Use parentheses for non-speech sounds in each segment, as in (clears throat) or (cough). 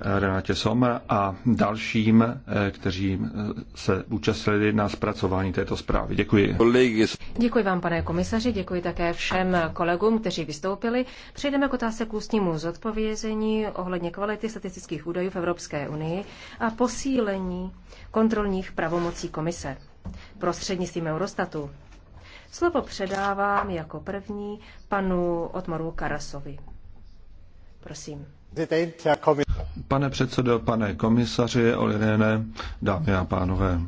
Renatě Sommer a dalším, eh, kteří eh, se účastnili na zpracování této zprávy. Děkuji. Děkuji vám, pane komisaři, děkuji také všem kolegům, kteří vystoupili. Přejdeme k otázce k ústnímu zodpovězení ohledně kvality statistických údajů v Evropské unii a posílení kontrolních pravomocí komise prostřednictvím Eurostatu. Slovo předávám jako první panu Otmaru Karasovi. Prosím. Pane předsedo, pane komisaři Olirene, dámy a pánové.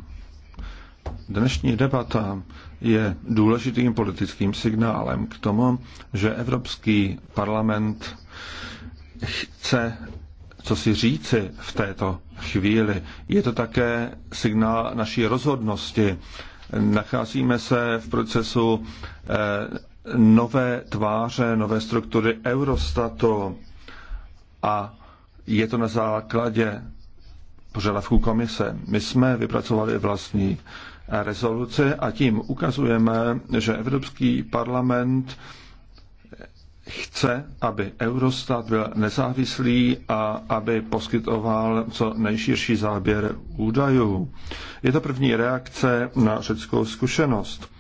Dnešní debata je důležitým politickým signálem k tomu, že Evropský parlament chce co si říci v této chvíli. Je to také signál naší rozhodnosti. Nacházíme se v procesu eh, nové tváře, nové struktury Eurostatu a je to na základě požadavků komise. My jsme vypracovali vlastní rezoluce a tím ukazujeme, že Evropský parlament chce, aby Eurostat byl nezávislý a aby poskytoval co nejširší záběr údajů. Je to první reakce na řeckou zkušenost.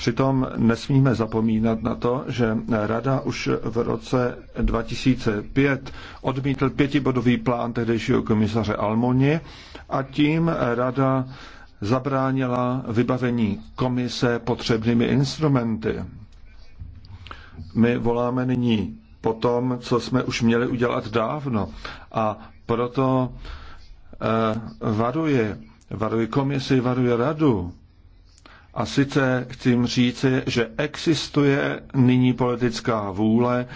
Přitom nesmíme zapomínat na to, že Rada už v roce 2005 odmítl pětibodový plán tehdejšího komisaře Almoni a tím Rada zabránila vybavení komise potřebnými instrumenty. My voláme nyní po tom, co jsme už měli udělat dávno a proto eh, varuji, varuji komisi, varuji radu, a sice chci jim říci, že existuje nyní politická vůle,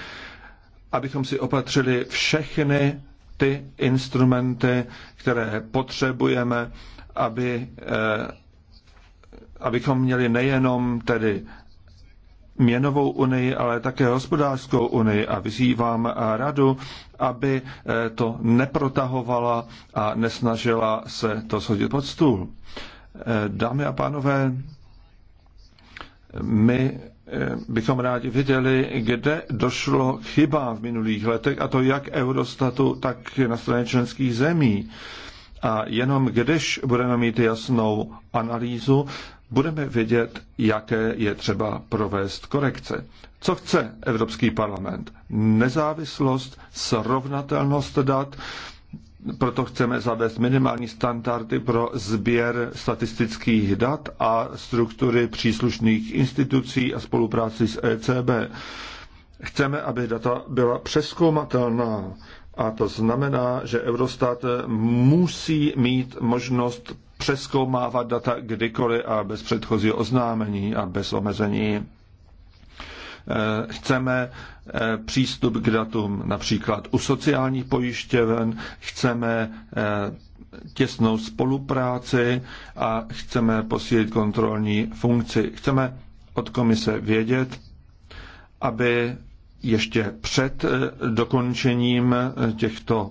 abychom si opatřili všechny ty instrumenty, které potřebujeme, aby, eh, abychom měli nejenom tedy měnovou unii, ale také hospodářskou unii a vyzývám radu, aby eh, to neprotahovala a nesnažila se to shodit pod stůl. Eh, dámy a pánové, my eh, bychom rádi viděli, kde došlo k chybám v minulých letech, a to jak Eurostatu, tak na straně členských zemí. A jenom když budeme mít jasnou analýzu, budeme vědět, jaké je třeba provést korekce. Co chce Evropský parlament? Nezávislost, srovnatelnost dat, proto chceme zavést minimální standardy pro sběr statistických dat a struktury příslušných institucí a spolupráci s ECB. Chceme, aby data byla přeskoumatelná a to znamená, že Eurostat musí mít možnost přeskoumávat data kdykoliv a bez předchozího oznámení a bez omezení. Eh, chceme eh, přístup k datům například u sociálních pojišťoven, chceme eh, těsnou spolupráci a chceme posílit kontrolní funkci. Chceme od komise vědět, aby ještě před dokončením těchto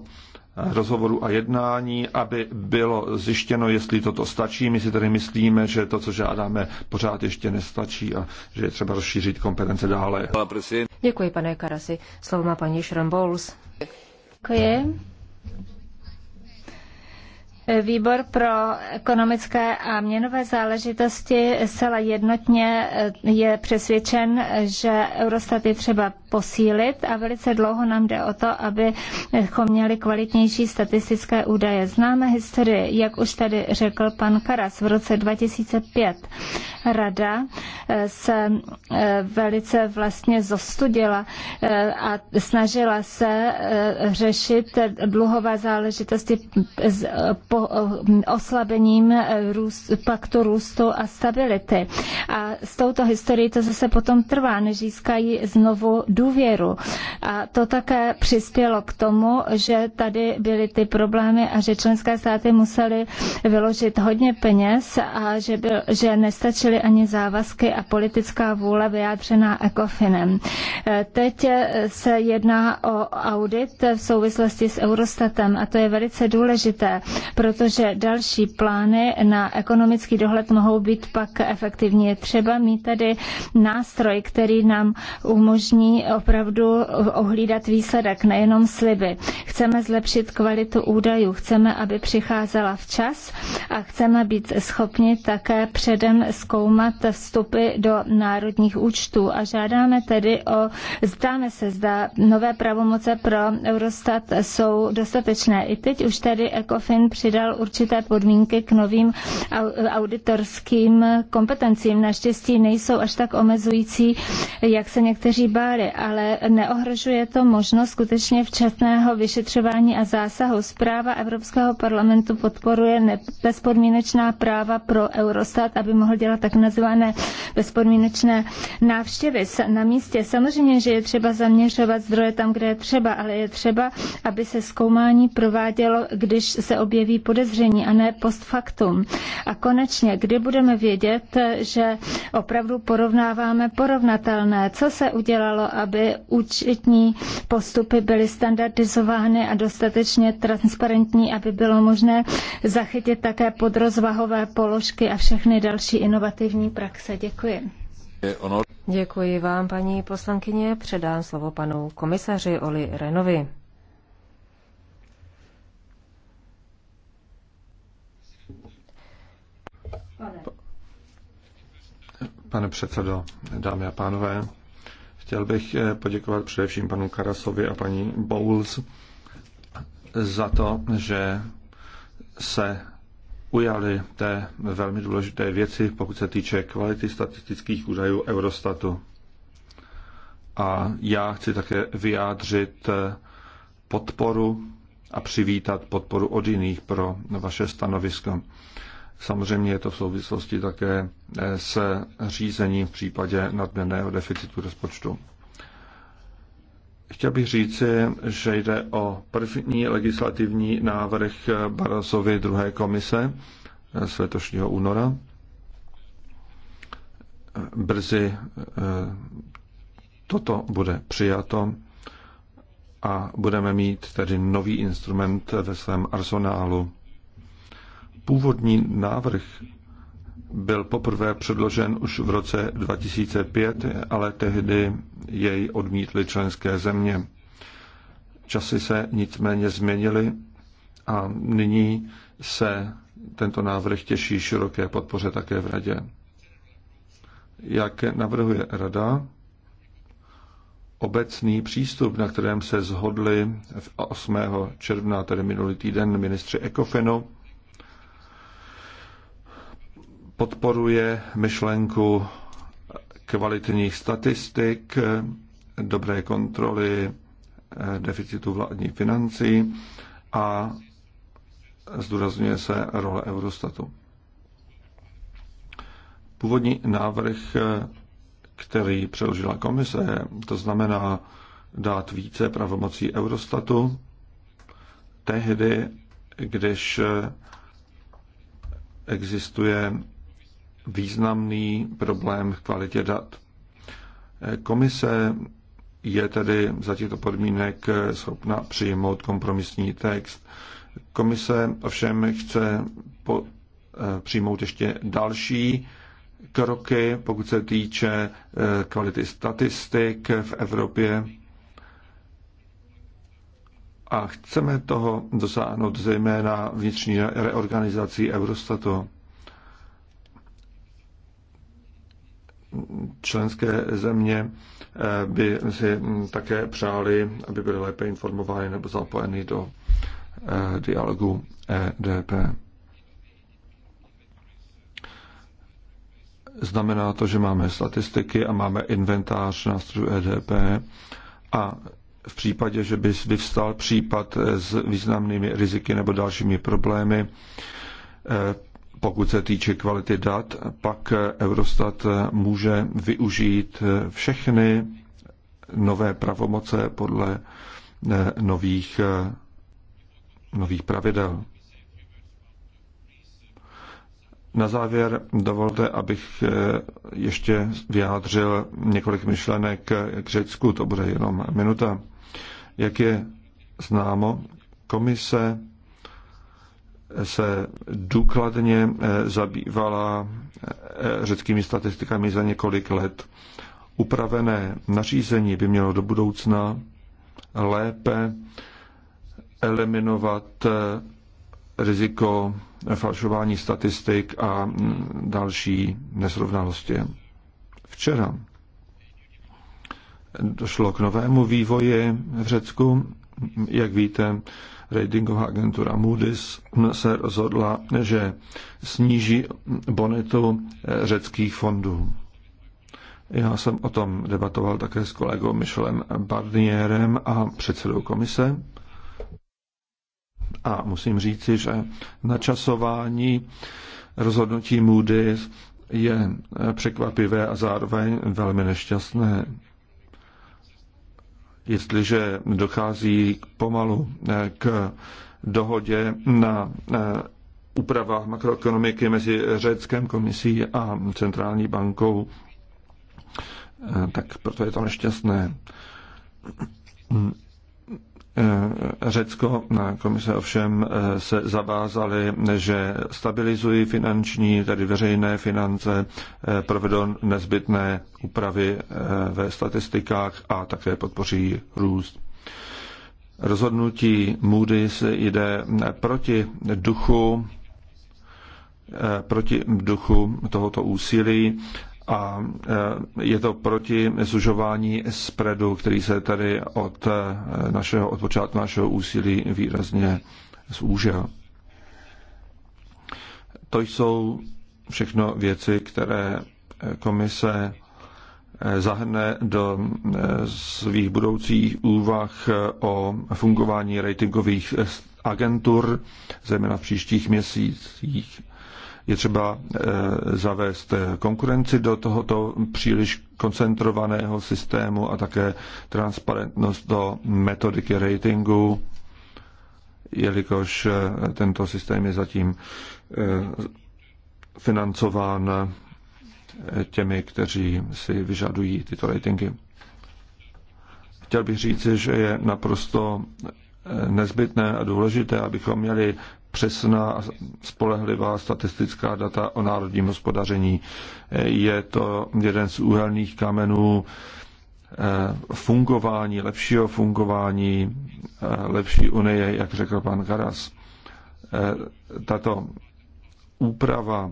rozhovoru a jednání, aby bylo zjištěno, jestli toto stačí. My si tedy myslíme, že to, co žádáme, pořád ještě nestačí a že je třeba rozšířit kompetence dále. Děkuji, pane Karasi. Slovo má paní Šrambouls. Děkuji. Výbor pro ekonomické a měnové záležitosti zcela jednotně eh, je přesvědčen, že Eurostat je třeba posílit a velice dlouho nám jde o to, abychom měli kvalitnější statistické údaje. Známe historii, jak už tady řekl pan Karas v roce 2005 Rada eh, se eh, velice vlastně zostudila eh, a snažila se řešit dluhové záležitosti s oslabením růst, paktu růstu a stability. A s touto historií to zase potom trvá, než získají znovu důvěru. A to také přispělo k tomu, že tady byly ty problémy a že členské státy musely vyložit hodně peněz a že, byl, že nestačily nebyly ani závazky a politická vůle vyjádřená ECOFINem. Eh, teď eh, se jedná o audit v souvislosti s Eurostatem a to je velice důležité, protože další plány na ekonomický dohled mohou být pak efektivní. Je třeba mít tady nástroj, který nám umožní opravdu ohlídat výsledek, nejenom sliby. Chceme zlepšit kvalitu údajů, chceme, aby přicházela včas a chceme být schopni také předem zkoumat zkoumat vstupy do národních účtů a žádáme tedy o, zdáme se, zda nové pravomoce pro Eurostat jsou dostatečné. I teď už tady ECOFIN přidal určité podmínky k novým auditorským kompetencím. Naštěstí nejsou až tak omezující, jak se někteří báli, ale neohrožuje to možnost skutečně včasného vyšetřování a zásahu. Zpráva Evropského parlamentu podporuje bezpodmínečná práva pro Eurostat, aby mohl dělat tak nazvané bezpodmínečné návštěvy na místě. Samozřejmě, že je třeba zaměřovat zdroje tam, kde je třeba, ale je třeba, aby se zkoumání provádělo, když se objeví podezření a ne post factum. A konečně, kdy budeme vědět, že opravdu porovnáváme porovnatelné, co se udělalo, aby účetní postupy byly standardizovány a dostatečně transparentní, aby bylo možné zachytit také podrozvahové položky a všechny další inovativní meditativní praxe. Děkuji. Děkuji vám, paní poslankyně. Předám slovo panu komisaři Oli Renovi. Pane předsedo, dámy a pánové, chtěl bych eh, poděkovat především panu Karasovi a paní Bowles za to, že se ujali té velmi důležité věci, pokud se týče kvality statistických údajů Eurostatu. A já chci také vyjádřit podporu a přivítat podporu od jiných pro vaše stanovisko. Samozřejmě je to v souvislosti také se řízením v případě nadměrného deficitu rozpočtu. Chtěl bych říci, že jde o první legislativní návrh Barosovy druhé komise eh, z letošního února. Eh, brzy eh, toto bude přijato a budeme mít tedy nový instrument ve svém arsenálu. Původní návrh byl poprvé předložen už v roce 2005, ale tehdy jej odmítly členské země. Časy se nicméně změnily a nyní se tento návrh těší široké podpoře také v Radě. Jak navrhuje Rada, obecný přístup, na kterém se zhodli 8. června, tedy minulý týden, ministři Ekofinu, podporuje myšlenku kvalitních statistik, dobré kontroly eh, deficitu vládních financí a zdůrazňuje se role Eurostatu. Původní návrh, eh, který předložila komise, to znamená dát více pravomocí Eurostatu, tehdy, když eh, existuje významný problém v kvalitě dat. Komise je tedy za těchto podmínek schopna přijmout kompromisní text. Komise ovšem chce po, eh, přijmout ještě další kroky, pokud se týče eh, kvality statistik v Evropě. A chceme toho dosáhnout zejména vnitřní reorganizací Eurostatu. členské země eh, by si hm, také přáli, aby byly lépe informovány nebo zapojeny do eh, dialogu EDP. Znamená to, že máme statistiky a máme inventář nástrojů EDP a v případě, že by vyvstal případ s významnými riziky nebo dalšími problémy, eh, pokud se týče kvality dat, pak Eurostat může využít všechny nové pravomoce podle eh, nových, eh, nových pravidel. Na závěr dovolte, abych eh, ještě vyjádřil několik myšlenek k Řecku, to bude jenom minuta. Jak je známo, komise se důkladně eh, zabývala eh, řeckými statistikami za několik let. Upravené nařízení by mělo do budoucna lépe eliminovat eh, riziko falšování statistik a mm, další nesrovnalosti. Včera došlo k novému vývoji v Řecku jak víte, ratingová agentura Moody's se rozhodla, že sníží bonitu eh, řeckých fondů. Já jsem o tom debatoval také s kolegou Michelem Barnierem a předsedou komise. A musím říci, že načasování rozhodnutí Moody's je eh, překvapivé a zároveň velmi nešťastné jestliže dochází pomalu eh, k dohodě na eh, úpravách makroekonomiky mezi Řeckém komisí a centrální bankou, eh, tak proto je to nešťastné. Eh, Řecko na komise ovšem eh, se zavázali, že stabilizují finanční, tedy veřejné finance, eh, provedou nezbytné úpravy ve statistikách a také podpoří růst. Rozhodnutí se jde proti duchu proti duchu tohoto úsilí a e, je to proti zužování spredu, který se tady od, e, našeho, od počátku našeho úsilí výrazně zúžil. To jsou všechno věci, které komise e, zahrne do svých budoucích úvah o fungování ratingových agentur, zejména v příštích měsících. Je třeba eh, zavést konkurenci do tohoto příliš koncentrovaného systému a také transparentnost do metodiky ratingu, jelikož eh, tento systém je zatím eh, financován těmi, kteří si vyžadují tyto ratingy. Chtěl bych říci, že je naprosto nezbytné a důležité, abychom měli přesná a spolehlivá statistická data o národním hospodaření. Je to jeden z úhelných kamenů eh, fungování, lepšího fungování, eh, lepší unie, jak řekl pan Karas. Eh, tato úprava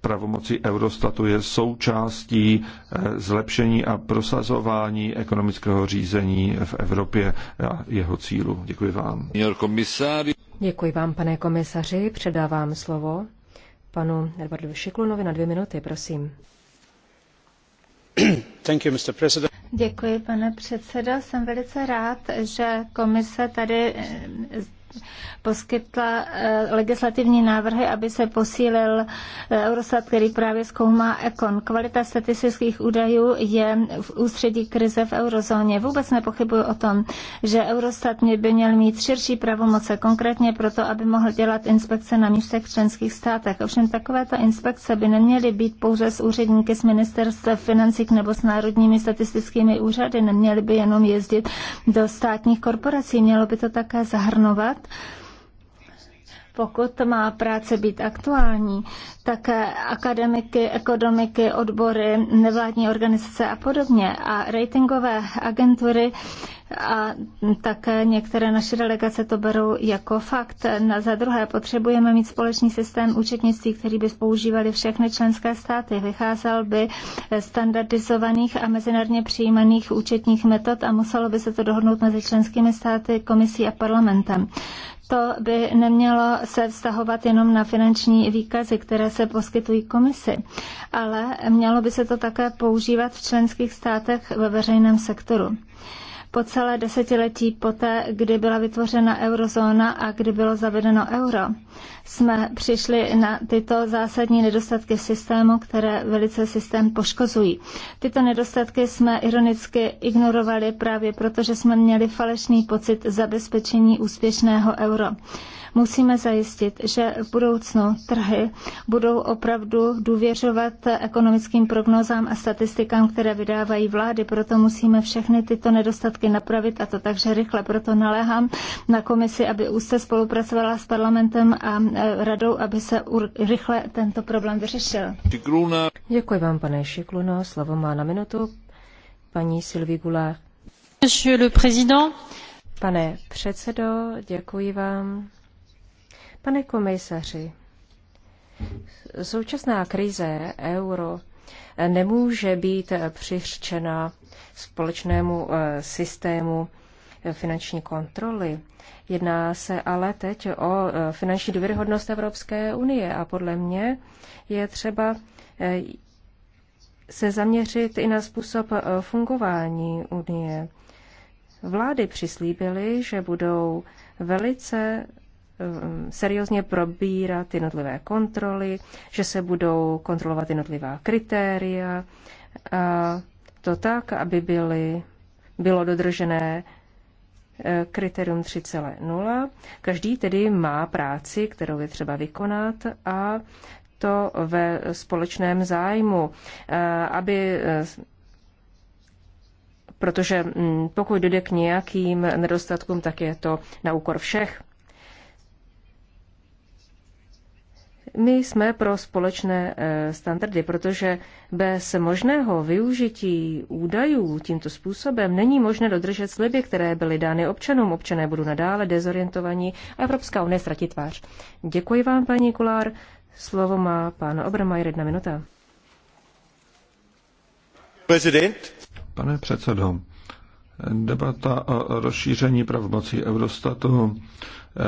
pravomocí Eurostatu je součástí eh, zlepšení a prosazování ekonomického řízení v Evropě a jeho cílu. Děkuji vám. Děkuji vám, pane komisaři. Předávám slovo panu Edvardu Šiklunovi na dvě minuty, prosím. (clears throat) Thank you, Mr. President. Děkuji, pane předsedo. Jsem velice rád, že komise tady eh, poskytla eh, legislativní návrhy, aby se posílil eh, Eurostat, který právě zkoumá ekon. Kvalita statistických údajů je v ústředí krize v eurozóně. Vůbec nepochybuji o tom, že Eurostat by měl mít širší pravomoce, konkrétně proto, aby mohl dělat inspekce na místech v členských státech. Ovšem takovéto inspekce by neměly být pouze s úředníky z ministerstva financí nebo s národními statistickými úřady, neměly by jenom jezdit do státních korporací, mělo by to také zahrnovat dělat pokud má práce být aktuální, tak akademiky, ekonomiky, odbory, nevládní organizace a podobně. A ratingové agentury a také některé naše delegace to berou jako fakt. Na, za druhé, potřebujeme mít společný systém účetnictví, který by používali všechny členské státy. Vycházel by standardizovaných a mezinárodně přijímaných účetních metod a muselo by se to dohodnout mezi členskými státy, komisí a parlamentem to by nemělo se vztahovat jenom na finanční výkazy, které se poskytují komisi, ale mělo by se to také používat v členských státech ve veřejném sektoru po celé desetiletí poté, kdy byla vytvořena eurozóna a kdy bylo zavedeno euro. Jsme přišli na tyto zásadní nedostatky systému, které velice systém poškozují. Tyto nedostatky jsme ironicky ignorovali právě proto, že jsme měli falešný pocit zabezpečení úspěšného euro. Musíme zajistit, že v budoucnu trhy budou opravdu důvěřovat ekonomickým prognózám a statistikám, které vydávají vlády. Proto musíme všechny tyto nedostatky napravit a to takže rychle. Proto naléhám na komisi, aby úzce spolupracovala s parlamentem a e, radou, aby se rychle tento problém vyřešil. Děkuji vám, pane Šikluno. Slovo má na minutu paní Sylvie Goulart. Pane předsedo, děkuji vám. Pane komisaři, současná krize euro nemůže být přiřčena společnému eh, systému eh, finanční kontroly. Jedná se ale teď o eh, finanční důvěryhodnost Evropské unie a podle mě je třeba se zaměřit i na způsob fungování unie. Vlády přislíbily, že budou velice Eh, seriózně probírat jednotlivé kontroly, že se budou kontrolovat jednotlivá kritéria, a to tak, aby byly, bylo dodržené eh, kritérium 3.0. Každý tedy má práci, kterou je třeba vykonat a to ve společném zájmu, eh, aby protože mm, pokud dojde k nějakým nedostatkům, tak je to na úkor všech. My jsme pro společné eh, standardy, protože bez možného využití údajů tímto způsobem není možné dodržet sliby, které byly dány občanům. Občané budou nadále dezorientovaní a Evropská unie ztratí tvář. Děkuji vám, paní Kulár. Slovo má pan Obermajer, jedna minuta. Prezident. Pane předsedo, Debata o rozšíření pravomocí Eurostatu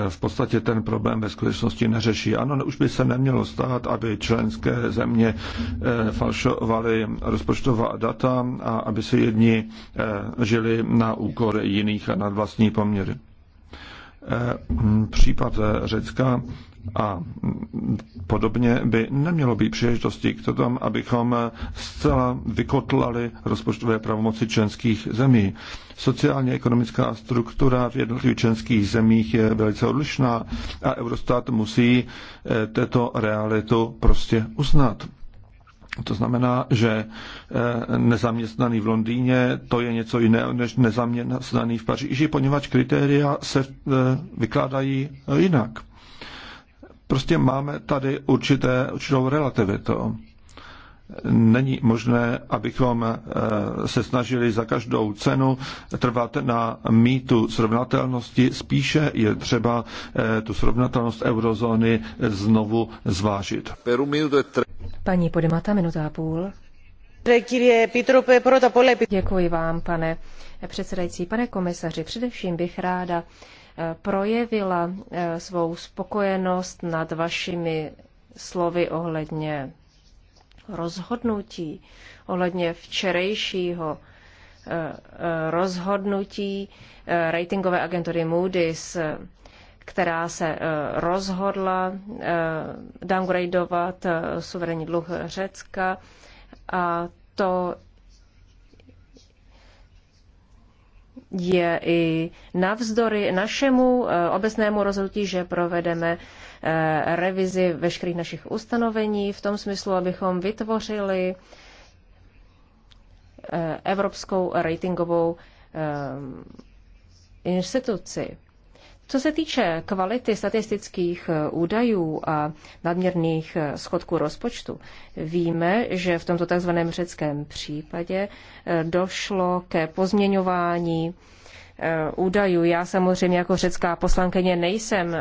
eh, v podstatě ten problém ve skutečnosti neřeší. Ano, už by se nemělo stát, aby členské země eh, falšovaly rozpočtová data a aby se jedni eh, žili na úkor jiných a na vlastní poměry. Případ Řecka a podobně by nemělo být příležitosti k tomu, abychom zcela vykotlali rozpočtové pravomoci členských zemí. Sociálně ekonomická struktura v jednotlivých členských zemích je velice odlišná a Eurostat musí eh, této realitu prostě uznat. To znamená, že eh, nezaměstnaný v Londýně to je něco jiného než nezaměstnaný v Paříži, poněvadž kritéria se eh, vykládají jinak. Prostě máme tady určité, určitou relativitu. Není možné, abychom eh, se snažili za každou cenu trvat na mýtu srovnatelnosti. Spíše je třeba eh, tu srovnatelnost eurozóny znovu zvážit. Paní Podemata, minuta a půl. Děkuji vám, pane předsedající. Pane komisaři, především bych ráda projevila eh, svou spokojenost nad vašimi slovy ohledně rozhodnutí, ohledně včerejšího eh, eh, rozhodnutí ratingové agentury Moody's, která se rozhodla downgradovat suverénní dluh Řecka a to je i navzdory našemu eh, obecnému rozhodnutí, že provedeme eh, revizi veškerých našich ustanovení v tom smyslu, abychom vytvořili eh, evropskou ratingovou instituci. Co se týče kvality statistických eh, údajů a nadměrných eh, schodků rozpočtu, víme, že v tomto tzv. řeckém případě eh, došlo ke pozměňování údajů. Já samozřejmě jako řecká poslankyně nejsem,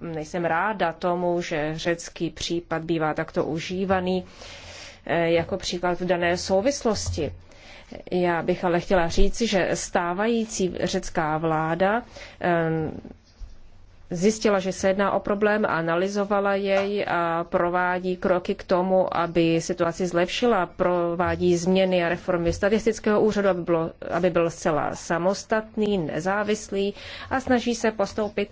nejsem ráda tomu, že řecký případ bývá takto užívaný jako příklad v dané souvislosti. Já bych ale chtěla říci, že stávající řecká vláda zjistila, že se jedná o problém, analyzovala jej a provádí kroky k tomu, aby situaci zlepšila, provádí změny a reformy statistického úřadu, aby, bylo, aby byl zcela samostatný, nezávislý a snaží se postoupit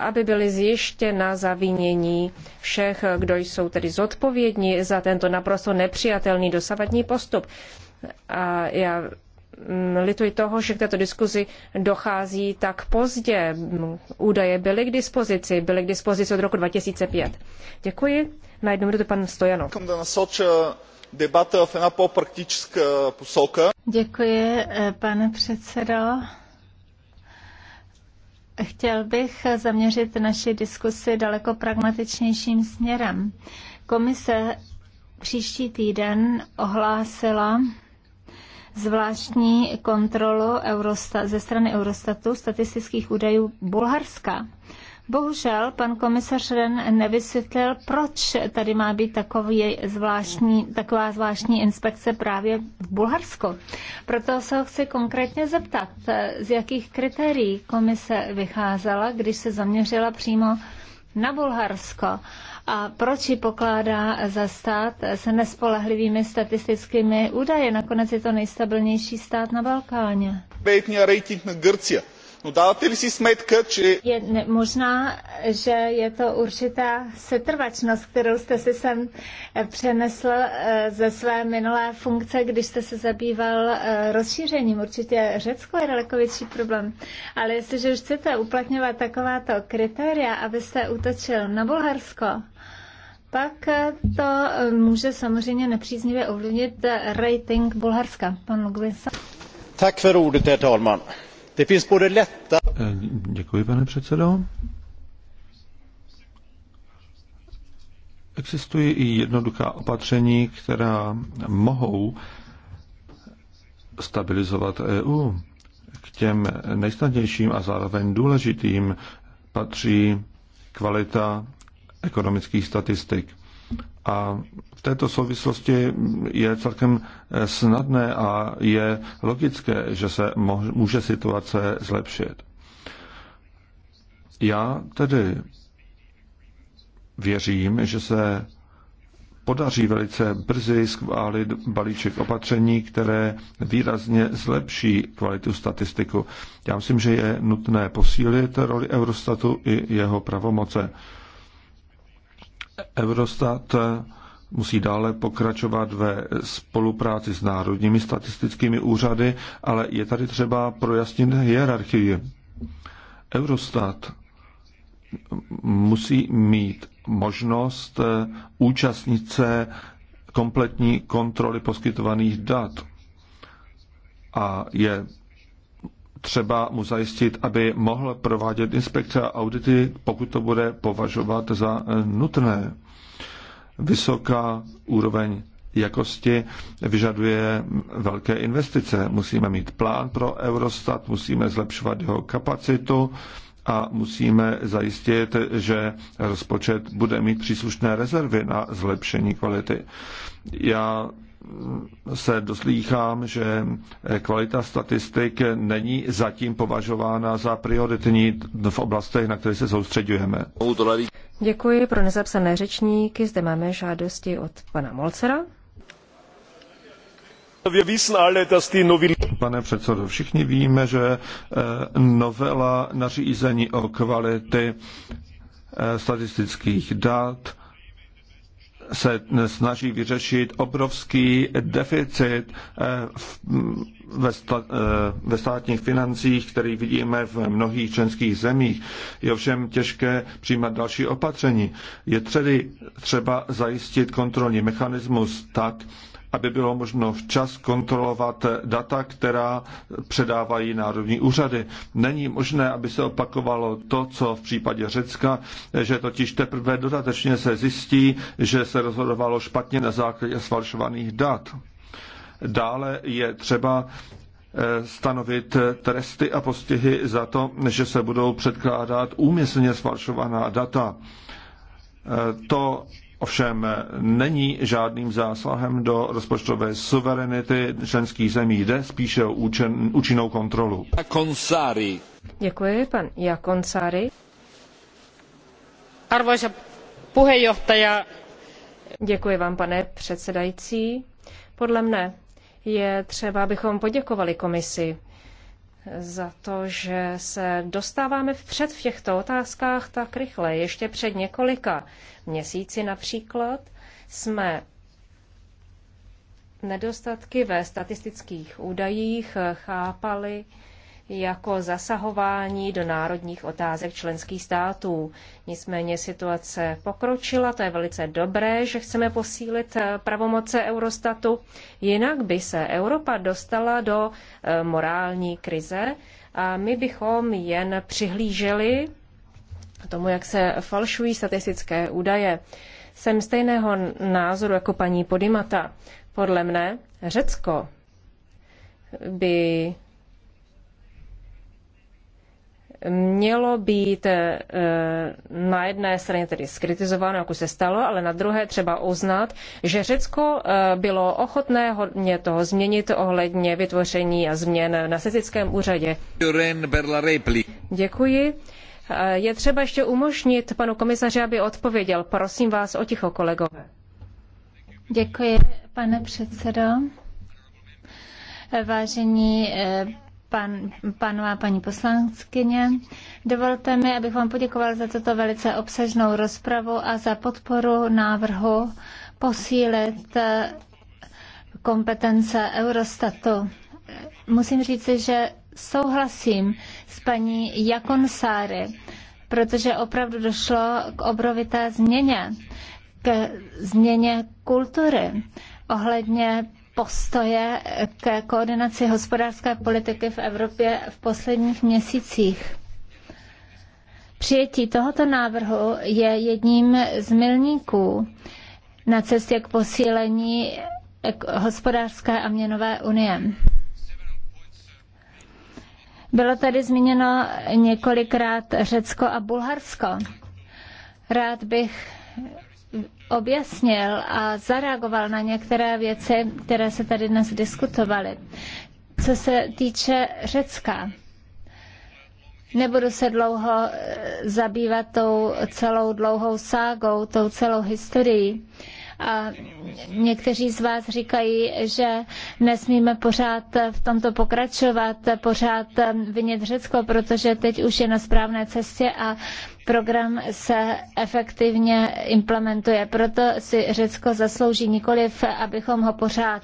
aby byly zjištěna zavinění všech, kdo jsou tedy zodpovědní za tento naprosto nepřijatelný dosavadní postup. A já Mm, lituji toho, že k této diskuzi dochází tak pozdě. Údaje byly k dispozici, byly k dispozici od roku 2005. Děkuji. Na jednu minutu pan Stojanov. Debata praktické Děkuji, eh, pane předsedo. Chtěl bych zaměřit naši diskusi daleko pragmatičnějším směrem. Komise příští týden ohlásila zvláštní kontrolu Eurostat, ze strany Eurostatu statistických údajů Bulharska. Bohužel pan komisař Ren nevysvětlil, proč tady má být takový zvláštní, taková zvláštní inspekce právě v Bulharsku. Proto se ho chci konkrétně zeptat, z jakých kritérií komise vycházela, když se zaměřila přímo na Bulharsko a proč ji pokládá za stát se nespolehlivými statistickými údaje. Nakonec je to nejstabilnější stát na Balkáně. No si Je ne, možná, že je to určitá setrvačnost, kterou jste si sem eh, přenesl eh, ze své minulé funkce, když jste se zabýval eh, rozšířením. Určitě Řecko je daleko větší problém. Ale jestliže už chcete uplatňovat takováto kritéria, abyste útočil na Bulharsko, pak to může samozřejmě nepříznivě ovlivnit rating Bulharska. Pan Lugvisa. Tak för ordet, herr talman. Det finns både lätta... Eh, děkuji, pane předsedo. Existují i jednoduchá opatření, která mohou stabilizovat EU. K těm nejsnadnějším a zároveň důležitým patří kvalita ekonomických statistik. A v této souvislosti je celkem eh, snadné a je logické, že se může situace zlepšit. Já tedy věřím, že se podaří velice brzy schválit balíček opatření, které výrazně zlepší kvalitu statistiku. Já myslím, že je nutné posílit roli Eurostatu i jeho pravomoce. Eurostat musí dále pokračovat ve spolupráci s národními statistickými úřady, ale je tady třeba projasnit hierarchii. Eurostat musí mít možnost účastnit se kompletní kontroly poskytovaných dat. A je třeba mu zajistit, aby mohl provádět inspekce a audity, pokud to bude považovat za eh, nutné. Vysoká úroveň jakosti vyžaduje velké investice. Musíme mít plán pro Eurostat, musíme zlepšovat jeho kapacitu a musíme zajistit, že rozpočet bude mít příslušné rezervy na zlepšení kvality. Já se doslýchám, že kvalita statistik není zatím považována za prioritní v oblastech, na které se soustředujeme. Děkuji pro nezapsané řečníky. Zde máme žádosti od pana Molcera. Pane předsedo, všichni víme, že eh, novela nařízení o kvality eh, statistických dat se snaží vyřešit obrovský deficit eh, mm, eh, ve státních financích, který vidíme v mnohých členských zemích. Je ovšem těžké přijímat další opatření. Je tedy třeba zajistit kontrolní mechanismus tak, aby bylo možno včas kontrolovat data, která předávají národní úřady. Není možné, aby se opakovalo to, co v případě Řecka, že totiž teprve dodatečně se zjistí, že se rozhodovalo špatně na základě sfalšovaných dat. Dále je třeba eh, stanovit tresty a postihy za to, že se budou předkládat úmyslně sfalšovaná data. Eh, to ovšem není žádným zásahem do rozpočtové suverenity členských zemí. Jde spíše o účen, účinnou kontrolu. Děkuji, pan Jakonsari. Arvoisa puheenjohtaja. Děkuji vám, pane předsedající. Podle mne je třeba, abychom poděkovali komisi za to, že se dostáváme vpřed v těchto otázkách tak rychle. Ještě před několika měsíci například jsme nedostatky ve statistických údajích chápali jako zasahování do národních otázek členských států. Nicméně situace pokročila, to je velice dobré, že chceme posílit eh, pravomoce Eurostatu, jinak by se Evropa dostala do eh, morální krize a my bychom jen přihlíželi tomu, jak se falšují statistické údaje. Jsem stejného názoru jako paní Podimata. Podle mne Řecko by mělo být eh, na jedné straně tedy skritizováno, jak už se stalo, ale na druhé třeba uznat, že Řecko eh, bylo ochotné hodně toho změnit ohledně vytvoření a změn na sesickém úřadě. Děkuji. Eh, je třeba ještě umožnit panu komisaři, aby odpověděl. Prosím vás o ticho, kolegové. Děkuji, pane předsedo. Vážení pan, panová paní poslankyně. Dovolte mi, abych vám poděkoval za tuto velice obsažnou rozpravu a za podporu návrhu posílit eh, kompetence Eurostatu. Musím říci, že souhlasím s paní Jakonsáry, protože opravdu došlo k obrovité změně, k změně kultury ohledně postoje ke koordinaci hospodářské politiky v Evropě v posledních měsících. Přijetí tohoto návrhu je jedním z milníků na cestě k posílení hospodářské a měnové unie. Bylo tady zmíněno několikrát Řecko a Bulharsko. Rád bych objasnil a zareagoval na některé věci, které se tady dnes diskutovaly. Co se týče Řecka, Nebudu se dlouho eh, zabývat tou celou dlouhou ságou, tou celou historií. A někteří z vás říkají, že nesmíme pořád v tomto pokračovat, pořád eh, vinit Řecko, protože teď už je na správné cestě a program se efektivně implementuje. Proto si Řecko zaslouží nikoliv, abychom ho pořád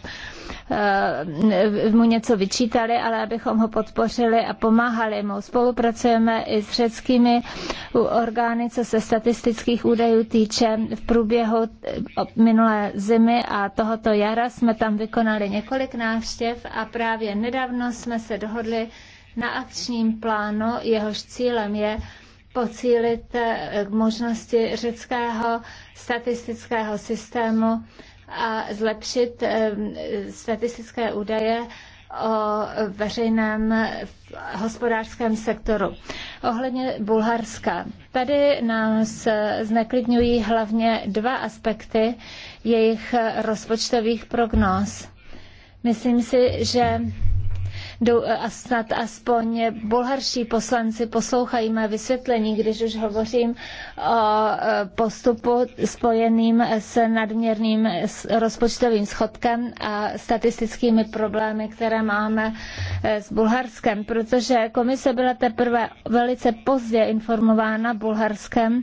eh, mu něco vyčítali, ale abychom ho podpořili a pomáhali mu. Spolupracujeme i s řeckými orgány, co se statistických údajů týče. V průběhu eh, minulé zimy a tohoto jara jsme tam vykonali několik návštěv a právě nedávno jsme se dohodli na akčním plánu, jehož cílem je k eh, možnosti řeckého statistického systému a zlepšit eh, statistické údaje o veřejném hospodářském sektoru. Ohledně Bulharska. Tady nás eh, zneklidňují hlavně dva aspekty jejich rozpočtových prognóz. Myslím si, že a snad aspoň bulharští poslanci poslouchají mé vysvětlení, když už hovořím o e, postupu spojeným s nadměrným rozpočtovým schodkem a statistickými problémy, které máme e, s Bulharskem, protože komise byla teprve velice pozdě informována Bulharskem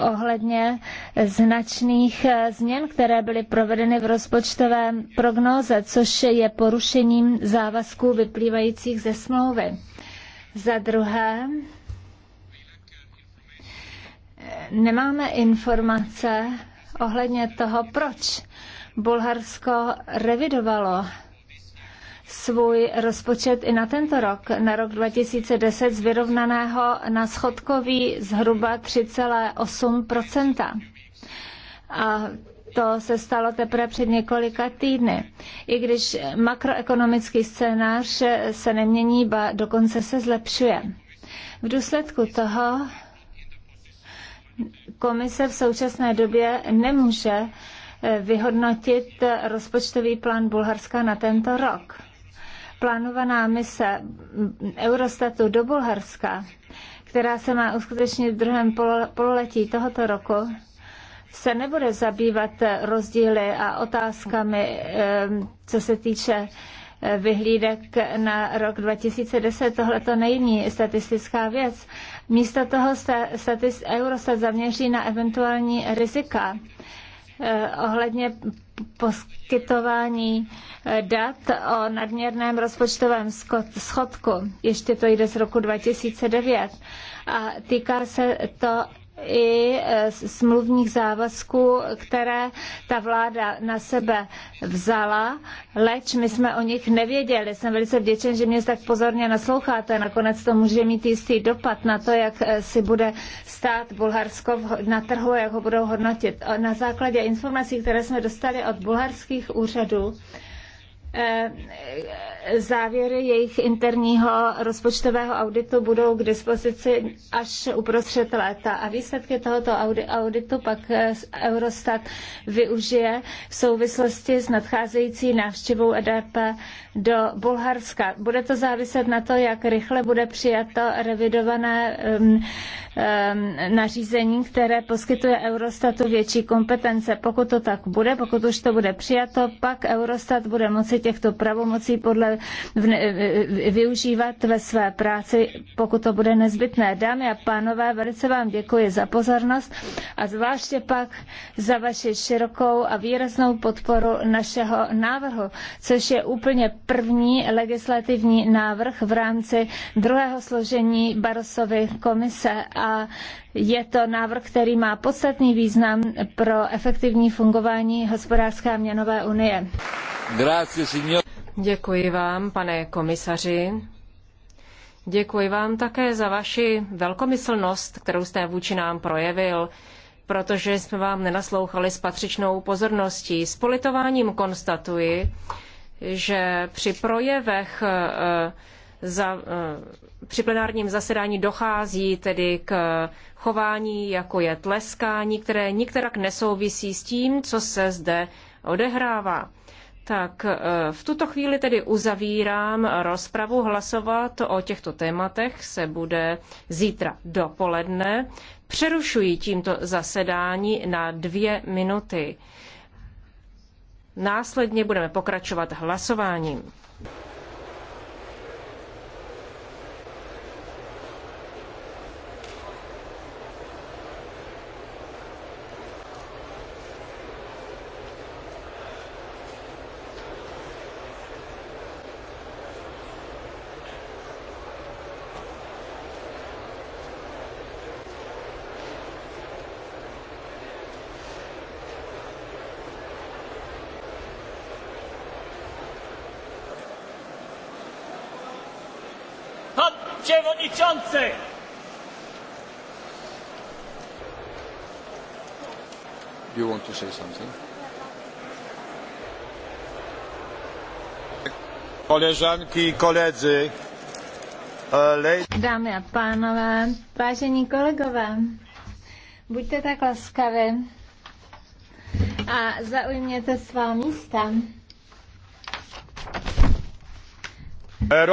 ohledně značných e, změn, které byly provedeny v rozpočtové prognóze, což je porušením závazků vyplývajících vyplývajících ze smlouvy. Za druhé, nemáme informace ohledně toho, proč Bulharsko revidovalo svůj rozpočet i na tento rok, na rok 2010 z vyrovnaného na schodkový zhruba 3,8 A to se stalo teprve před několika týdny. I když makroekonomický scénář se nemění, ba dokonce se zlepšuje. V důsledku toho komise v současné době nemůže eh, vyhodnotit rozpočtový plán Bulharska na tento rok. Plánovaná mise Eurostatu do Bulharska, která se má uskutečnit v druhém pololetí tohoto roku, se nebude zabývat rozdíly a otázkami, co se týče eh, vyhlídek na rok 2010. Tohle to není statistická věc. Místo toho se Eurostat zaměří na eventuální rizika eh, ohledně poskytování eh, dat o nadměrném rozpočtovém schodku. Ještě to jde z roku 2009. A týká se to i e, smluvních závazků, které ta vláda na sebe vzala, leč my jsme o nich nevěděli. Jsem velice vděčen, že mě tak pozorně nasloucháte. Nakonec to může mít jistý dopad na to, jak e, si bude stát Bulharsko na trhu, jak ho budou hodnotit. Na základě informací, které jsme dostali od bulharských úřadů, Eh, závěry jejich interního rozpočtového auditu budou k dispozici až uprostřed léta a výsledky tohoto auditu pak eh, Eurostat využije v souvislosti s nadcházející návštěvou EDP do Bulharska. Bude to záviset na to, jak rychle bude přijato revidované nařízení, které poskytuje Eurostatu větší kompetence. Pokud to tak bude, pokud už to bude přijato, pak Eurostat bude moci těchto pravomocí podle využívat ve své práci, pokud to bude nezbytné. Dámy a pánové, velice vám děkuji za pozornost a zvláště pak za vaši širokou a výraznou podporu našeho návrhu, což je úplně první legislativní návrh v rámci druhého složení Barosovy komise a je to návrh, který má podstatný význam pro efektivní fungování hospodářské a měnové unie. Děkuji vám, pane komisaři. Děkuji vám také za vaši velkomyslnost, kterou jste vůči nám projevil, protože jsme vám nenaslouchali s patřičnou pozorností. S politováním konstatuji, že při projevech eh, za, eh, při plenárním zasedání dochází tedy k chování, jako je tleskání, které nikterak nesouvisí s tím, co se zde odehrává. Tak eh, v tuto chvíli tedy uzavírám rozpravu. Hlasovat o těchto tématech se bude zítra dopoledne. Přerušuji tímto zasedání na dvě minuty. Následně budeme pokračovat hlasováním. przewodniczący! You want to say something? Koleżanki i koledzy. E, Dámy a pánové, vážení kolegové, buďte tak laskavé a zaujměte svá místa. E,